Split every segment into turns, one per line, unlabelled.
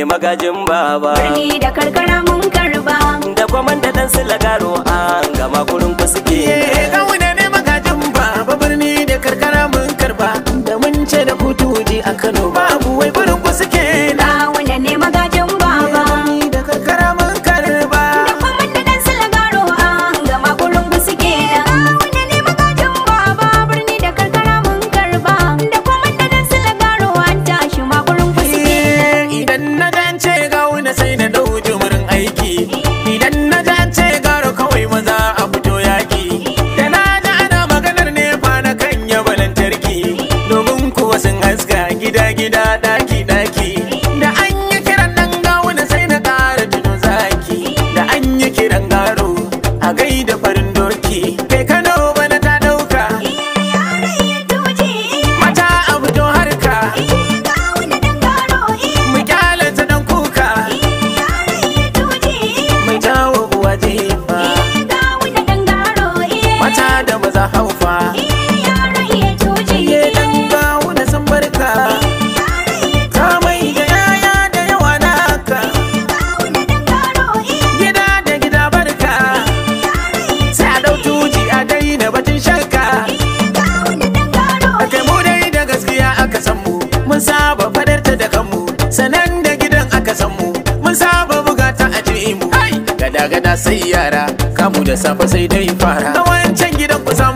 ne magajin baba. Birni
da karkara mun
gada sai yara kamu da safe sai dai fara na wancan gidan kusa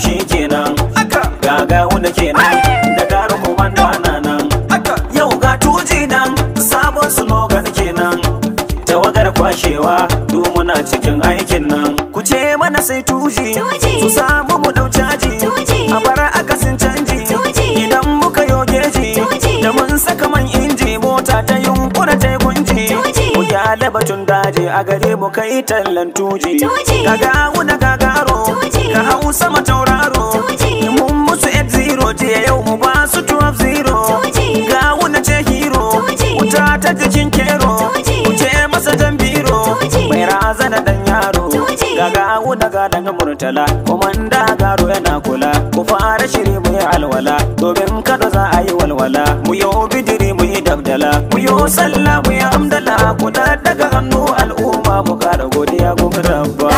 shi kenan kenan da gara komanda na nan yau ga tuji nan sabon slogan kenan tawagar kwashewa du muna cikin aikin nan ku ce mana sai tuji su samu mu dau caji a bara akasin canji idan muka yo geji da mun saka man inji mota ta yunkura ta kunji mu gyale batun daji a gare mu kai tallan tuji gaga wuna gagaro a hau sama tauraro mun musu 8-0 jiya yau mu ba su 12-0 ga wuna ce hero wuta ta jikin kero wuce masa jan biro mai raza da dan yaro ga gawo daga daga murtala komanda garo yana kula ku fara shiri mu yi alwala domin kada za a yi walwala mu yi bidiri mu yi dabdala mu yi sallah mu yi amdala ku daga hannu al'umma mu kara godiya ku rabba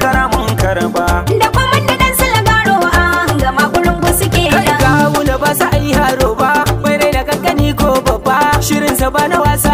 zakara mun karba
da kwamanda dan silagaro a gama gurin ku suke da kawo da ba sa yi haro ba bai
da kankani ko babba shirin sa ba na wasa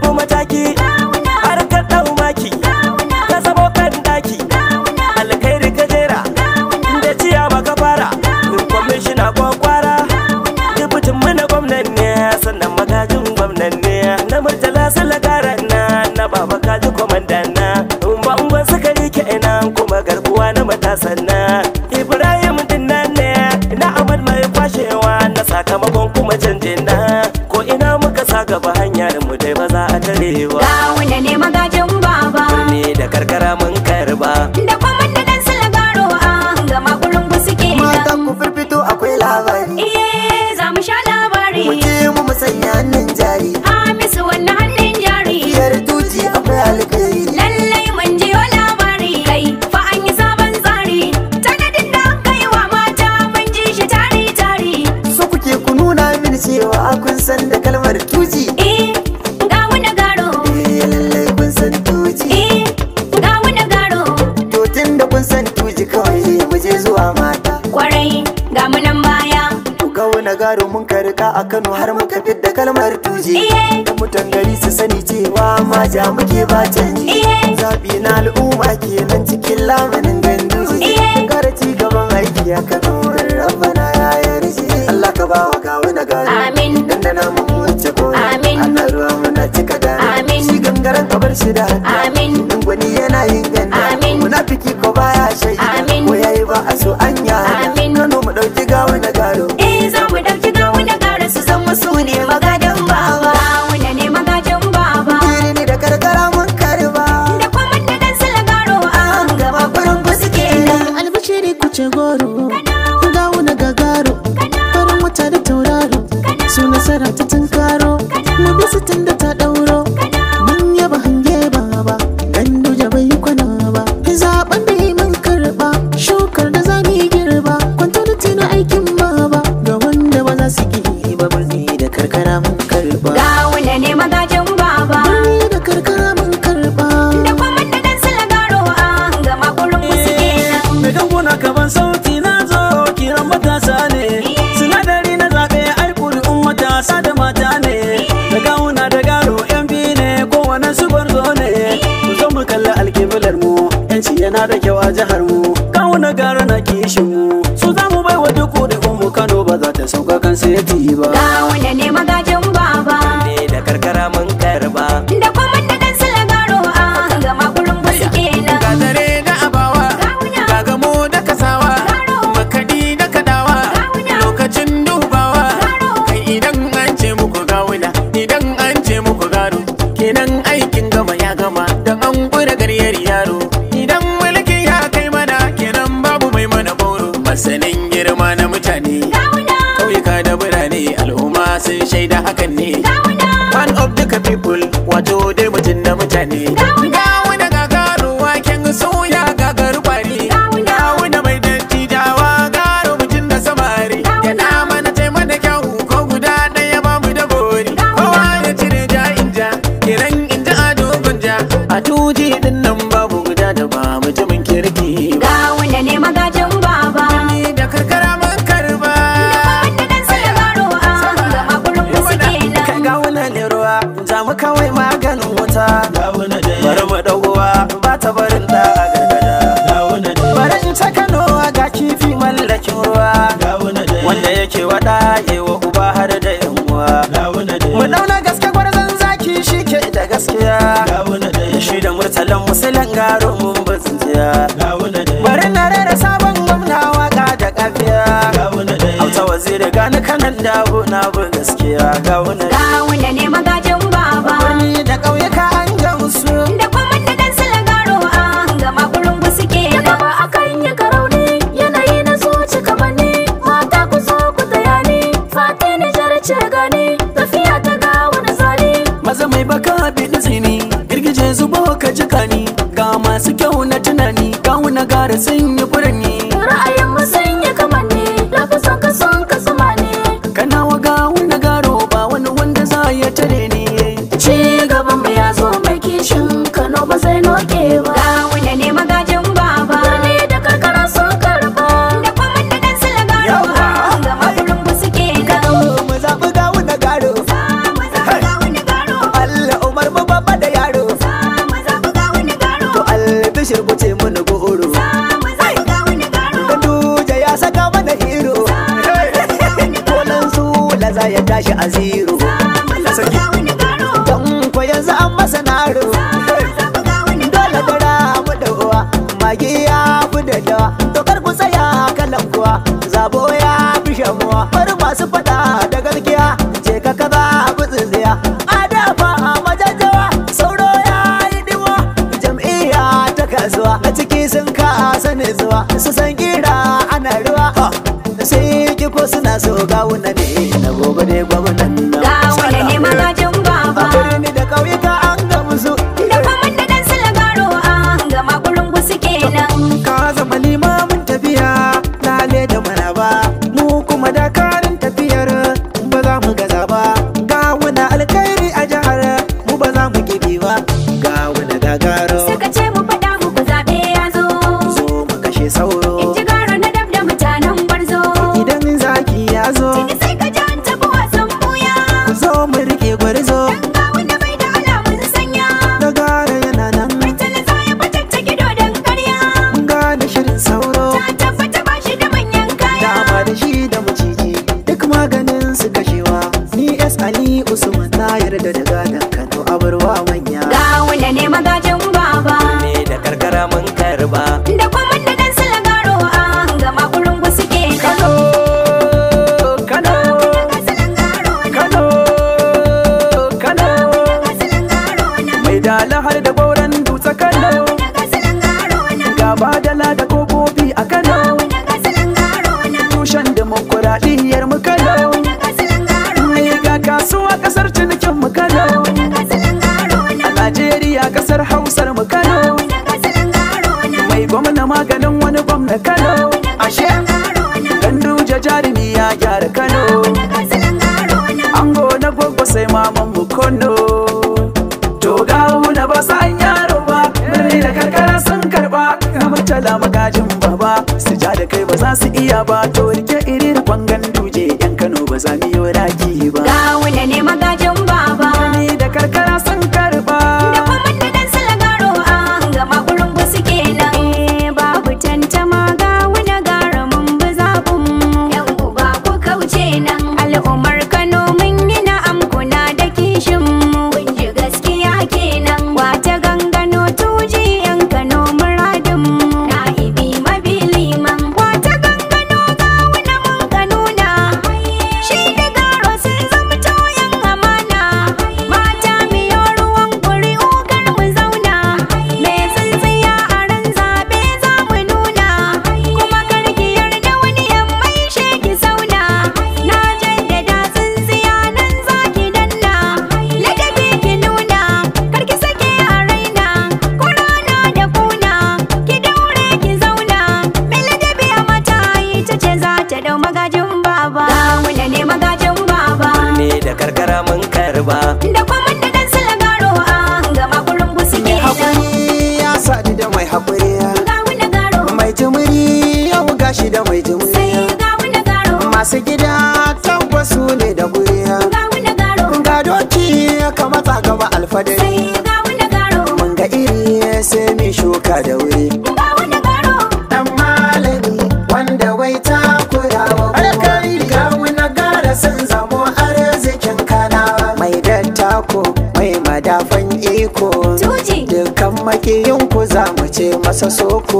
kuma ta ga gawuna ne
magajin baba
ne da karkara mun karba
da kuma da dan salgaro a ga makurin ku suke mata ku firfito akwai labari iye eh, za mu sha labari mu je mu musanya hannun jari misu wannan hannun jari yar tuci akwai alƙairi lallai mun je wa labari kai fa an yi sabon tsari tanadin da kai wa mata mun ji shi tari tari so kuke ku nuna mini cewa kun san da garo mun karka a
Kano har muka fidda kalmar tuje da mutan gari su sani cewa ma ja muke ba canji zabi na al'umma kenan cikin lamunin ganduje kara ci gaban aiki a Kano nurin rabbana ya yarje Allah ka ba wa gawo na gari
amin dandana mu wuce gori amin Allah ruwa muna cika gari amin shi gangaren ka bar shi
da amin dangwani yana yin ganda amin munafiki ko baya Amin. ko yayi ba
a so anya
sun shaida hakan ne one of the people wato dai mutum na mutane
gani kanan dawo na bu gaskiya ga wani aziru don kwaya za a masa na dole da rabu da uwa magi ya fi da dawa to kar ku tsaya kalan kuwa zabo ya fi shamuwa bari masu fada da gaskiya ce ka kaza ku tsintsiya a dafa a majajawa sauro ya yi diwa jam'iyya ta kasuwa a ciki sun ka sani zuwa su san kira ana ruwa sai ki ko suna so gawunan cara badala da kofofi a Kano. Tushen dimokuraɗiyyar mu Kano. Ga kasuwa kasar cinikin mu Kano. A Najeriya kasar Hausar mu Kano. Mai gwamna maganin shala magajin baba su ja da kai ba za su iya ba tori garba
da kwamin da dan garo a ga makurin gusu ke hakuri ya sadu da mai hakuri ga wani garo mai tumuri buga
gashi da mai tumuri ya ga wani garo masu gida masa soko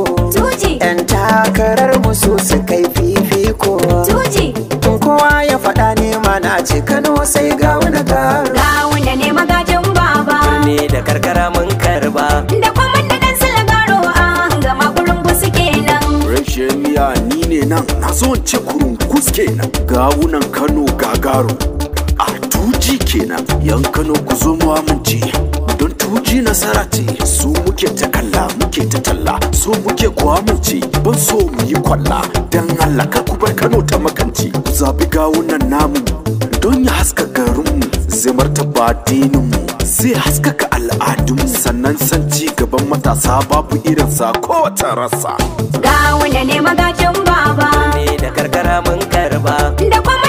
yan takarar musu
su kai fifiko tun kowa ya faɗa ne mana ce kano sai ga wani ga gawuna ne magajin baba
ne da karkara mun karba da kuma
da dan salgaro a gama kurungu suke nan
rashin miya ni ne nan na so in ce kurungu nan gawunan kano gagaro a tuji kenan yan kano ku zo mu amince don tuji nasara ce su muke takalla. so muke kuwa mu ban so mu yi kwalla dan Allah ka ku bar Kano ta makanci ku zabi gawunan namu don ya haska garinmu zai martaba mu zai haskaka mu sannan san ci gaban matasa babu irinsa kowace rasa
gawuna ne magajin baba
ne da karkara mun karba
da kuma